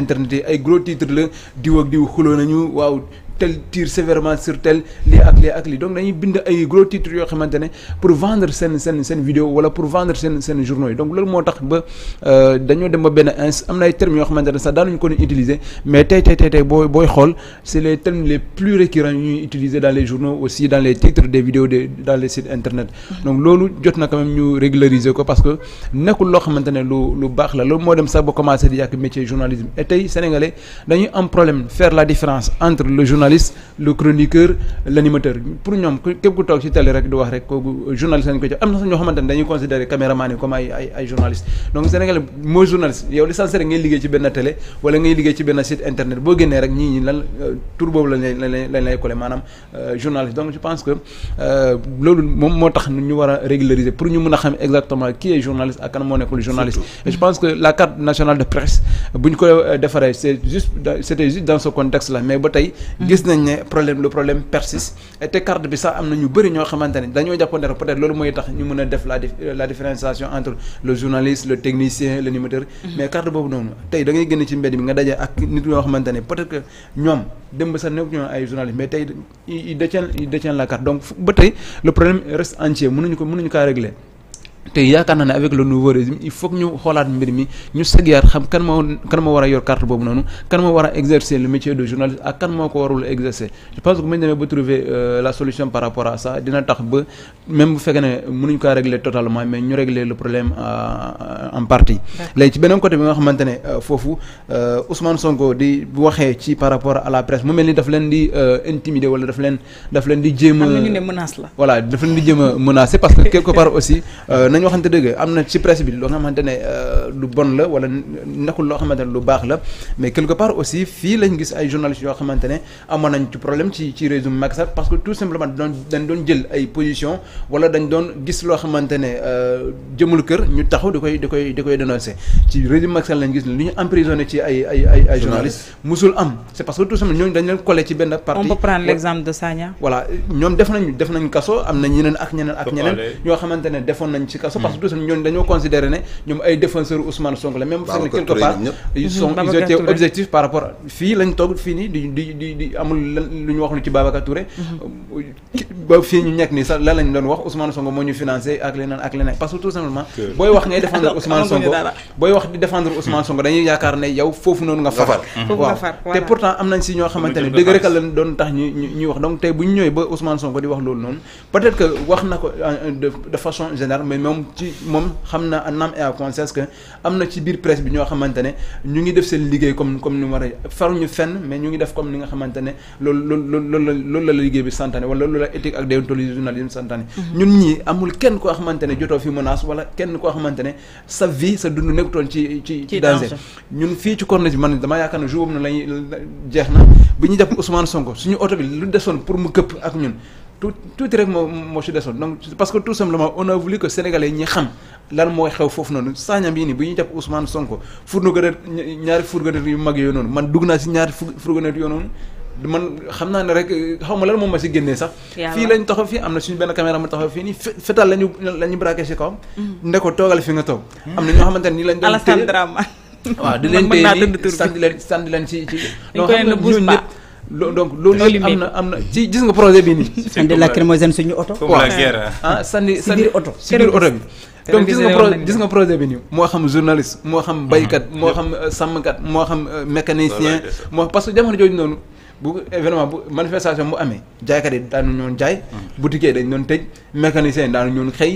internet ay gros titres la diw ak diw xuloo nañu waaw tel sévèrement sur tel les ak lii ak donc dañuy bind ay gros titres yo pour vendre sen sen sen vidéo wala pour vendre sen sen journaux donc le mot ba euh de dem ba ben ins am na ay termes yo xamantene mais tey tey tey tey boy boy xol c'est les termes les plus récurrents utilisés dans les journaux aussi dans les titres des vidéos de dans les sites internet donc loolu jot na quand même ñu régulariser ko parce que n'est qu'on xamantene maintenant lu lu le la loolu mo dem sax ba commencer di métier journalisme et tay sénégalais dañuy am problème faire la différence entre le journalisme journaliste le chroniqueur l'animateur. pour nous, képp ku toog ci télé rek di wax rek kooku journaliste lañ koy am na sax ñoo dañuy considérer caméraman comme ay ay ay journaliste donc Sénégal mooy journaliste yow l'essentiel rek ngay liggéey ci benn télé wala ngay liggéey ci benn site internet boo génnee rek ni ñi lan euh, tur boobu lañ lañ lay euh, journaliste donc je pense que euh, loolu mom moo tax ñu wara régulariser pour ñu mëna xam exactement qui est journaliste ak kan mo nekkul journaliste et je pense que la carte nationale de presse buñ ko défaré c'est juste c'était juste dans ce contexte là mais ba tay mm-hmm gis nañ ne problème le problème persiste te carte bi sax amna ñu bëri ño xamante ne dañoo jàppante peut-être loolu moy tax ñu mëna def la la différenciation entre le journaliste le technicien l'animateur mhm. mais carte bobu non tay da ngay gën ci mbéd bi nga dajé ak nit yoo xamante peut-être que ñom demb sa nekk ñoo ay journaliste mais tay il détient ils détiennent la carte donc ba tay le problème reste entier mënuñu ko mënuñu kaa régler te yaakaar na avec le nouveau régime il faut que ñu xoolaat mbir mi ñu segyaat xam kan mo kan mo wara a yor carte bobu noonu kan mo wara exercer le métier de journaliste ak kan moko warul exercer je pense que meñ ñu ba trouver euh, la solution par rapport à ça dina tax ba même bu fekkee ne mënuñ ko régler totalement mais ñu régler le problème euh, euh, en partie. lay ci beneen côté bi nga xamante ne foofu Ousmane Sonko di waxé ci par rapport à la presse mu melni daf leen di intimider wala daf leen daf leen di jéem ñu menace la. voilà daf leen di jéem menacer parce que quelque part aussi nañu waxante dëgg am na ci presse bi loo xamante ne euh, lu bon la wala nekkul loo xamante ne lu baax la mais quelque part aussi fii lañ gis ay journalistes yoo xamante ne amoon nañ ci problème ci ci régime Macky Sall parce que tout simplement dañ doon jël ay position wala dañ doon gis loo xamante ne euh, jëmul kër ñu taxaw di koy di koy di koy dénoncer ci régime Macky Sall lañ gis lu ñu emprisonné ci ay ay ay ay journalistes musul am c'est parce que tout simplement ñooñu dañ leen collé ci benn parti on peut prendre l'exemple de Sagna voilà ñoom def nañ def nañ kaso am na ñeneen ak ñeneen ak ñeneen ñoo xamante ne defoon nañ ci kaso parce que hmm. ñooñu dañoo considéré ne ñoom ay défenseur Ousmane Sonko la même si quelque part ils hmm, sont ils étaient objectifs par rapport fii lañ toog fii nii di di di di amul lu ñu wax lu ci Babacar Touré hmm. ba fii ñu nekk nii sax lan lañ doon wax Ousmane Sonko moo ñu ak leneen ak leneen parce que tout simplement booy wax ngay défendre Ousmane Sonko booy wax di défendre Ousmane Sonko dañuy yaakaar ne yow foofu noonu nga far waaw te pourtant am nañ si ñoo xamante ne dëgg rek lañ doon tax ñu ñuy wax donc tey bu ñu ñëwee ba Ousmane Sonko di wax loolu noonu peut-être que wax na ko euh, de façon générale mais ñoom ci moom xam na en âme et à conscience que am na ci biir presse bi ñoo xamante ne ñu ngi def seen liggéey comme comme ni war a faruñu fenn mais ñu ngi def comme ni nga xamante loolu la liggéey bi santaane wala loolu la éthique ak déontologie journalisme santaane mm-hmm. ñun ñii amul kenn koo xamante ne fi menace wala kenn koo xamante sa vie sa dund nekkutoon ci ci ci danger ñun fii ci corniche man damaa yaakaar ne jour na lañuy jeex na bi ñu jàpp Ousmane Sonko suñu oto tout tuuti rek moo moo ci desoon que tout simplement a ñi xam lan mooy xew foofu noonu saañam yi nii bu ñuy jàpp Ousmane Sonko fourgonnette ñaari ñaari fourgonnette yooyu noonu man xam naa ne rek xaw ma lan moom ma si génnee sax. fii lañ taxaw fii am na suñu benn caméra ma taxaw fii nii fetal lañu lañu si kawam. Mm-hmm. ne ko fi nga toog. am na ñoo xamante nii lañ. doon téye Alassane ci ci. dañ koy donc loolu yëpp am na am na ci gis nga projet bii nii. andi lacrymogène suñu oto. comme la guerre ah sànni sànni oto bi. donc gis nga projet gis nga projet bi nii moo xam journaliste moo xam hmm. baykat moo xam euh, sàmmkat moo xam euh, mécanicien moo parce que jamono jooju noonu. bu événement bu manifestation bu amee jaaykat yi daanu ñoon jaay boutique yi dañ doon tëj mécanicien yi daanu ñoon xëy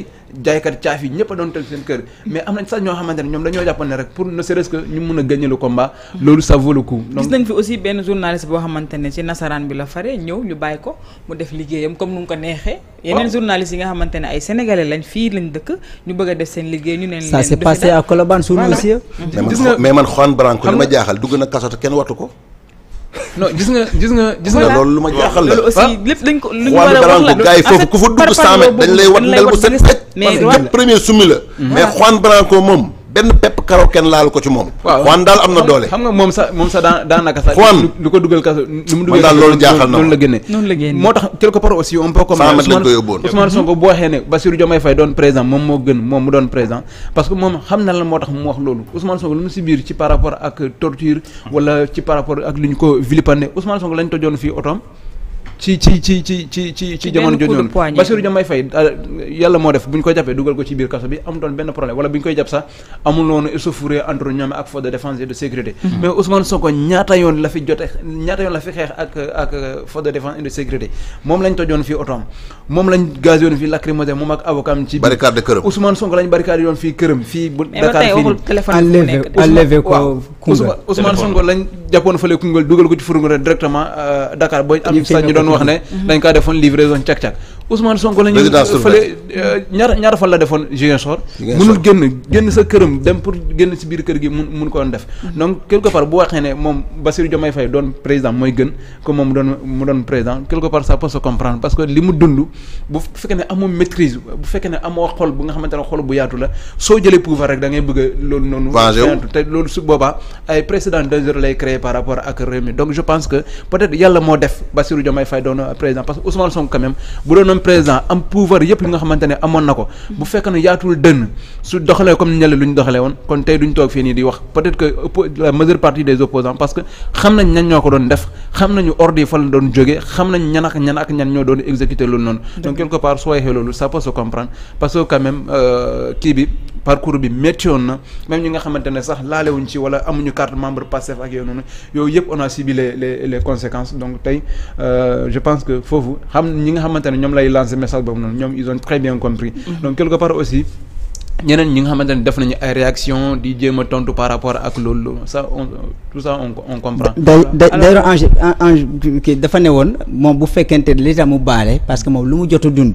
jaaykat caaf yi a doon tëj seen kër mais am nañ sax ne ñoom dañoo jàppoon ne rek pour ne serait-ce que ñu mun a boo xamante ne ci nasaraan bi la fare ñëw ñu ko mu def liggéeyam comme nu ko neexee yeneen journaliste yi nga xamante ne ay sénégalais lañ fii lañ dëkk seen liggéey ñu neen ça s'est passé ma jaaxal dugg na kaso kenn watu ko non gis nga gis nga gis nga loolu lu ma jaaxal la loolu aussi lépp dañ ko lu ñu war a wax la gars yi foofu ku fa dugg 100 dañ lay wat ndel bu set mais premier sumi la mais Juan Branco moom benn pepp karaw kenn laalu ko ci moom. waaw Juan daal am na doole. xam nga moom sa moom sa daan daanaka sax. Juan lu ko dugal kaso. lu mu dugal kaso loolu jaaxal na noonu la génne. noonu la génne moo moom moo gën moom mu doon président parce que moom xam na lan moo tax mu wax loolu Ousmane Sonko lu mu si biir ci par rapport ak torture wala ci par rapport ak li ñu ko vilipendé Ousmane Sonko lañ tojoon fii otom ci ci ci ci ci ci ci jamono jooju noonu Bassirou Diomaye Faye euh, yàlla moo def bu koy jàppee dugal ko ci biir kaso bi amutoon benn problème wala bu koy jàpp sax amul noonu échauffourée entre ñoom ak force de défense et de sécurité mm-hmm. mais Ousmane Sonko ñaata yoon jote ñaata yoon xeex ak ak force de défense et de sécurité moom lañ tojoon fii otoom moom lañ gaz yoon fii lacrymogène moom ak avocat am ci barricade këram Sonko lañ barricade yoon fii këram jàppoon fële Koungheul dugal ko ci fourgon directement euh, Dakar ba am sax ñu doon wax ne mhm. dañ kaa defoon livraison cag-cag Ousmane Sonko la ñuy fële euh, ñaar ñaar fan la defoon Ziguinchor mënul genn genn sa kërëm dem pour genn ci biir kër gi mun ko doon def mhm. donc quelque part bu waxé né mom Bassirou Diomaye Faye doon président moy genn que mom doon mu doon président quelque part ça peut se comprendre parce que limu mu dund bu fekkee né amoo maîtrise bu fekkee né amoo xol bu nga xamante xol bu yaatu la soo jëlee pouvoir rek da ngay bëgg a nonu té yaatu su boba ay président deux heures lay créé par rapport ak réew donc je pense que peut-être yalla mo def Bassirou Diomaye Faye doon président parce que Ousmane Sonko quand même bu doon présent président pouvoir yépp li nga amon nako bu fekk ne yaatul le su comme luñ won kon tay duñ tok peut-être que la majeure partie des opposants parce que xam nañ ñan ñoko doon def xam ordre fa la doon joggé xam nañ ñan ak ñan ak ñan exécuter non, donc quelque part ça peut se comprendre parce que quand même euh, parcours bi méttiwoon même ñi nga xamantene ne sax laalewuñ ci wala amuñu carte membre Pastef ak yooyu noonu yooyu yëpp on a subi les les les conséquences donc tay euh, je pense que foofu xam ñi nga xamantene ñom lay lancer message boobu non ñom ils ont très bien compris mm-hmm. donc quelque part aussi ñeneen ñi nga xamantene def nañu ay réaction di jéem a tontu par rapport ak loolu ça on tout ça on on comprend. day day d'ailleurs Ange Ange dafa ne woon moom bu fekkente li tax mu baale parce que moom lu mu jot a dund.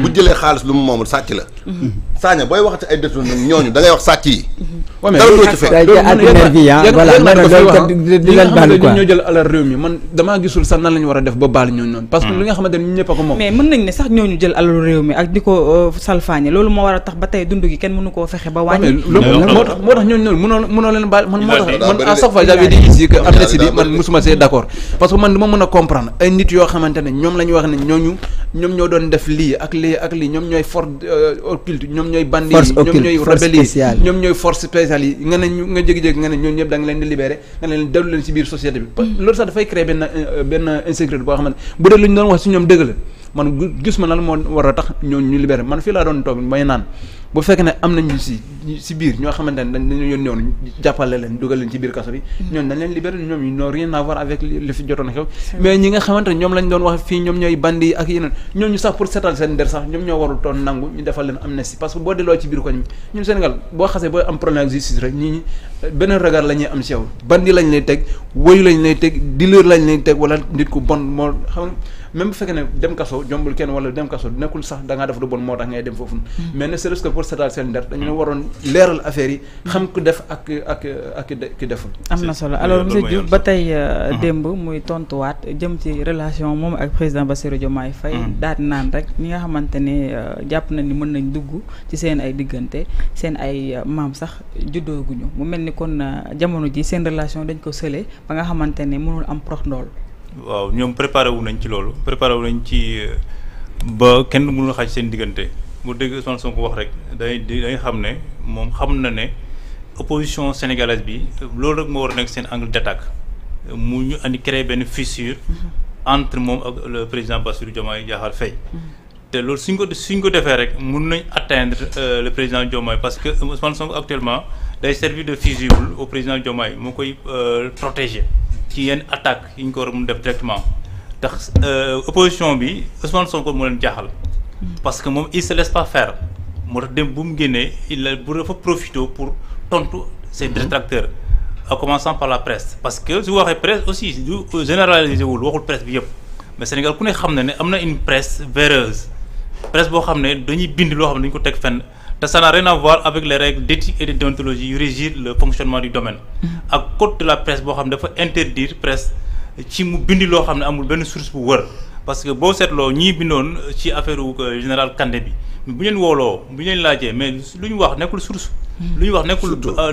bu mm-hmm. jëlee xaalis lu mu moomul sàcc la. Mm-hmm. saaña booy waxati ay détourné mm-hmm. loolu man ñooñu noonu. parce que mm. li nga xamante ne ñun ñëpp a ko ñooñu jël alalu réew mi ak di ko euh, salfaañe loolu moo war a tax ba tey dund gi kenn mënu koo fexe ba wàññi. moo tax moo tax ñooñu mënoo mënoo leen baal man moo tax man à chaque fois j'avais dit ici que amnistie bi man musuma see d'accord parce que man dama mën a comprendre ay nit yoo xamante ñoom la wax ne ñooñu ñoom ñoo doon def lii ak lii ñoom ñooy force euh, occulte ñoom ñooy bandi yi ñoom ñooy rebelle yi ñoom ñooy force spéciale yi nga ne nga jékki-jékki nga ne ñoom ñëpp da nga leen di libéré nga ne leen dellu leen ci biir société bi mm. loolu sax dafay créer benn euh, benn insécurité boo xamante bu dee lu ñu doon wax ci ñoom dëgg la man gis ma lan moo war a tax ñooñu ñu libéré man fii laa doon toog may naan bu fekkee ne am nañu si si biir ñoo xamante ne dañu yónnee woon jàppale leen dugal leen ci biir kaso bi hmm. ñooñu dañ leen libéré ñoom ñu lañ doon wax fii ñoom ñooy bandi ak yeneen ñooñu sax pour setal seen der sax ñoom ñoo warul toon nangu ñu defal leen amnistie parce que boo delloo ci biir koñ bi ñun Sénégal boo xasee boo am problème ak rek ñii ñi beneen regard la ñuy am si yow bandi lañ lay teg woyu lañ lay teg dealer lañ lay teg wala nit ku bon même bu fekkee ne dem kaso jombul kenn wala dem kaso nekkul sax da def lu bon moo tax ngay dem foofu hmm. mais ne serait-ce que pour setal seen der dañu hmm. waroon leeral affaire yi xam ku def ak ak ak ki deful am na solo alors monsieur Diouf ba tey euh, hmm. démb muy tontuwaat jëm ci relation moom ak président Bassirou Diomaye Faye daal naan rek ñi nga xamante ne euh, jàpp na ni mën nañ dugg ci seen ay diggante seen ay euh, maam sax juddooguñu mu mel ni kon jamono ji seen relation dañ ko sële ba nga xamante ne mënul am prox ndool Nous ñoom préparé wu ci loolu préparé ci euh, ba kenn seen sénégalaise angle d'attaque mu ñu créé une fissure mhm. entre le président Bassirou Diomaye Diakhar mhm. suñ ko suñ atteindre euh, le président Diomaye parce que Ousmane Sonko actuellement day servir de fusible au président Diomaye moo koy euh, protéger ci yenn attaque yi ko def directement ndax euh, opposition bi Ousmane Sonko mo len jaxal parce que mom il se laisse pas faire mo tax dem bu guéné il a bu dafa profito pour tontu ses mhm. détracteurs. en commençant par la presse parce que su la presse aussi du euh, généralisé wul waxul presse bi yépp mais Sénégal ku ne xam na ne am na une presse véreuse presse boo xam ne dañuy bind loo xam ne dañu ko teg fenn ça n'a rien à voir avec les règles d'éthique et de déontologie qui régissent le fonctionnement du domaine. Mm-hmm. ak code de la presse bo xamne ne dafa interdire presse ci mu bindi lo xamne amul ben source bu wër parce que boo seetloo ñi bindon ci affaire euh, général Kandé bi bu ñen wolo bu ñen leen laajee mais lu wax nekul source. Mm-hmm. lu wax nekul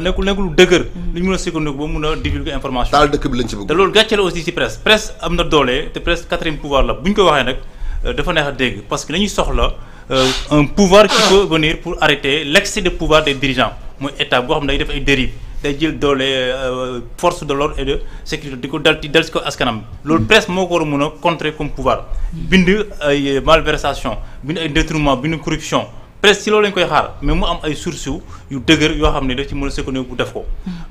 nekul nekul dëgër. Mm-hmm. lu mëna mën a sukkandiku ba divulguer information. taal dëkk bi lañ ci bëgg. té lool gatché la aussi ci presse presse am na doole te presse quatrième pouvoir la buñ ko waxé nak euh, dafa neex a dégg parce que la soxla. Euh, un pouvoir qui peut venir pour arrêter l'excès de pouvoir des dirigeants mooy état boo xam fait des dérives ay dérive day les euh, force de l'ordre et de sécurité di ko dal des dal ci askanam presse moo comme un a a des comme pouvoir bind ay malversation bind des détournement des corruption presse ci loolu lañ koy xaar mais mu am ay sources qui sont yoo des choses ci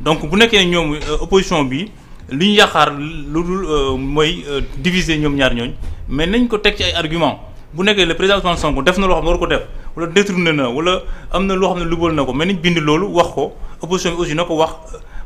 donc si vous avez une opposition bi qu'on a, yaakaar euh, diviser les mais nañ ko a ci ay bu nekkee le président Ousmane Sonko def na loo xam ne war ko def wala détourné na wala am na loo xam ne lu na ko mais nañ bind loolu wax ko opposition bi aussi na ko wax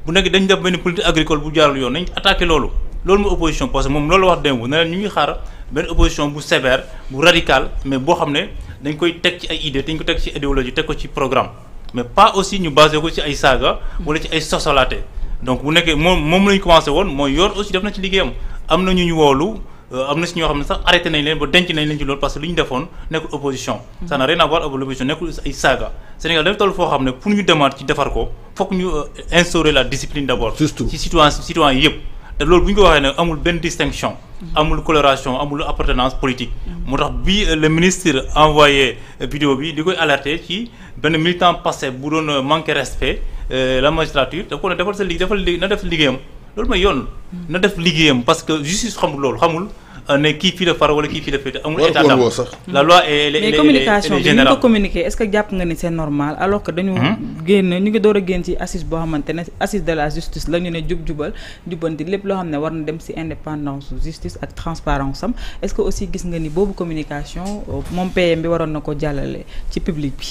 bu nekk dañ def benn politique agricole bu jaarul yoon nañ attaqué loolu loolu mooy opposition parce que moom loolu wax démb ne leen ñu ngi xaar benn opposition bu sévère bu radical mais boo xam ne dañ koy teg ci ay idée dañ ko teg ci idéologie teg ko ci programme mais pas aussi ñu basé ko ci ay saaga wala ci ay sosolaate donc bu nekkee moom moom la commencé woon mooy yor aussi def na ci liggéeyam am na ñu ñu woolu euh, am na si ñoo xam ne sax arrêté nañ leen ba denc nañ leen ci loolu parce que li ñu defoon nekkul opposition. ça n'a rien à voir ak l'opposition nekkul ay saaga. Sénégal dafa toll foo xam ne pour ñu demaat ci defar ko fokk ñu euh, instaurer la discipline d'abord. surtout ci citoyen citoyen yëpp. te loolu bu ñu ko waxee ne amul benn distinction. Mm-hmm. amul coloration amul appartenance politique. Mm-hmm. moo tax bi euh, le ministre envoyé vidéo bi di koy alerter ci benn militant passé bu doon manqué respect la magistrature da ko ne defal sa liggéey defal na def liggéeyam loolu mooy yoon na def ligueyam parce que justice xamul loolu xamul euh, ne qui fi la far wala qui fi la amul état d'âme la loi est mais communication bi ko communiqué est ce que japp nga ni c'est normal alors que dañu hmm? guen ñu ngi doora guen ci assise bo xamantene assise de la justice la ñu ne jub-jubal jubbanti lepp lo xamne ne war na dem ci indépendance justice ak transparence am est ce que aussi gis nga ni bobu communication euh, mon PM bi waron nako jallale ci public bi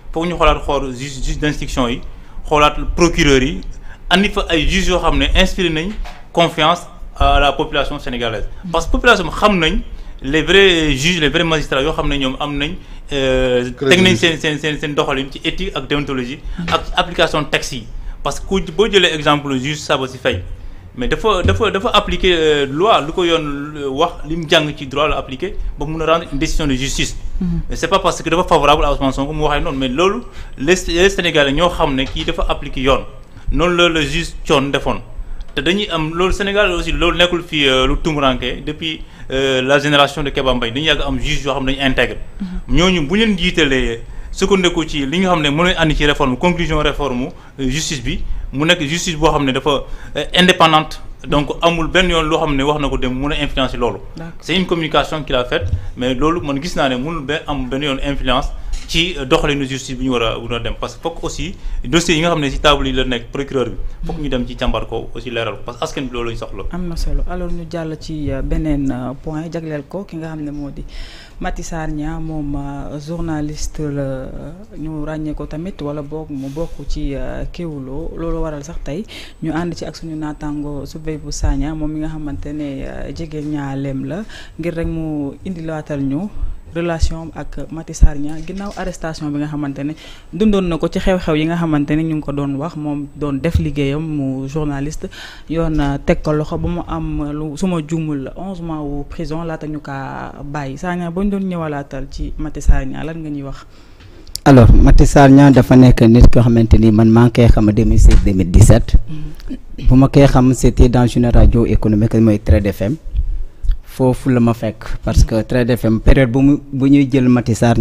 Pour ñu xoolaat xool juge d'instruction yi xoolaat procureur yi andi fa ay juges inspiré confiance à la population sénégalaise parce que la population sait, les vrais juges les vrais magistrats ils savent qu'ils ont am nañ euh, teg nañ seen applications de taxi. Parce ci éthique ak déontologie application taxi. parce que ku du juge Sabo mais dafa dafa dafa appliquer euh, loi lu ko yoon euh, wax lim jang ci droit la appliquer ba mëna rendre une décision de justice. Mhm. mais c'est pas parce que dafa favorable à Ousmane Sonko mu waxee non mais lolu les Sénégalais ñoo xam ne kii dafa appliquer yone non le le juge tion defoon. te dañuy am lolu Sénégal aussi loolu nekkul fii euh, lu tumuranke depuis la génération de Kéba Mbaye dañuy yàgg am juge yoo xam ne dañu intègre. Mhm. ñooñu bu leen sukkandiku ci li nga xamné ne mënuy andi ci réforme conclusion réforme justice bi mu nek justice bo xamné dafa euh, indépendante donc amul ben yon lo xamné ne wax na dem mun a influence c'est une communication qu'il a faite mais lolu man gis na né mënul ba am ben yon influence ci doxalinu justice bi ñu war a war a dem parce que foog aussi dossiers yi nga xam ne ci table yi la nekk procureur bi foog ñu dem ci càmbar ko aussi leeral ko parce que askan bi loolu lañu soxla. am na solo alors ñu jàll ci euh, beneen euh, point jagleel ko ki nga xam ne moo di Maty Sarr Niang moom euh, journaliste la ñu ràññee ko tamit wala boog mu bokk ci kéwuloo loolu waral sax tey ñu ànd ci ak suñu naataango Soubey bu Sagna moom mi nga xamante ne jege ñaaleem la ngir rek mu indilaatal ñu. relation ak Mati Sarnia ginnaw arrestation bi nga xamantene dundon nako ci xew-xew yi nga xamantene ñu ko doon wax mom doon def ligéyam mu journaliste yon euh, tek ko loxo bu mu am lu suma jumul 11 mois au prison la tañu ka bay Sarnia ba doon ñëwalaatal ci Mati Sarnia lan nga ñi wax. alors Mati Sarnia dafa nek nit ko xamanteni man maa xam 2016 2017 mm. bu ma xam c'était dans une radio économique moy Trade FM. Full la ma parce que très FM période bu bu ñuy jël Matissar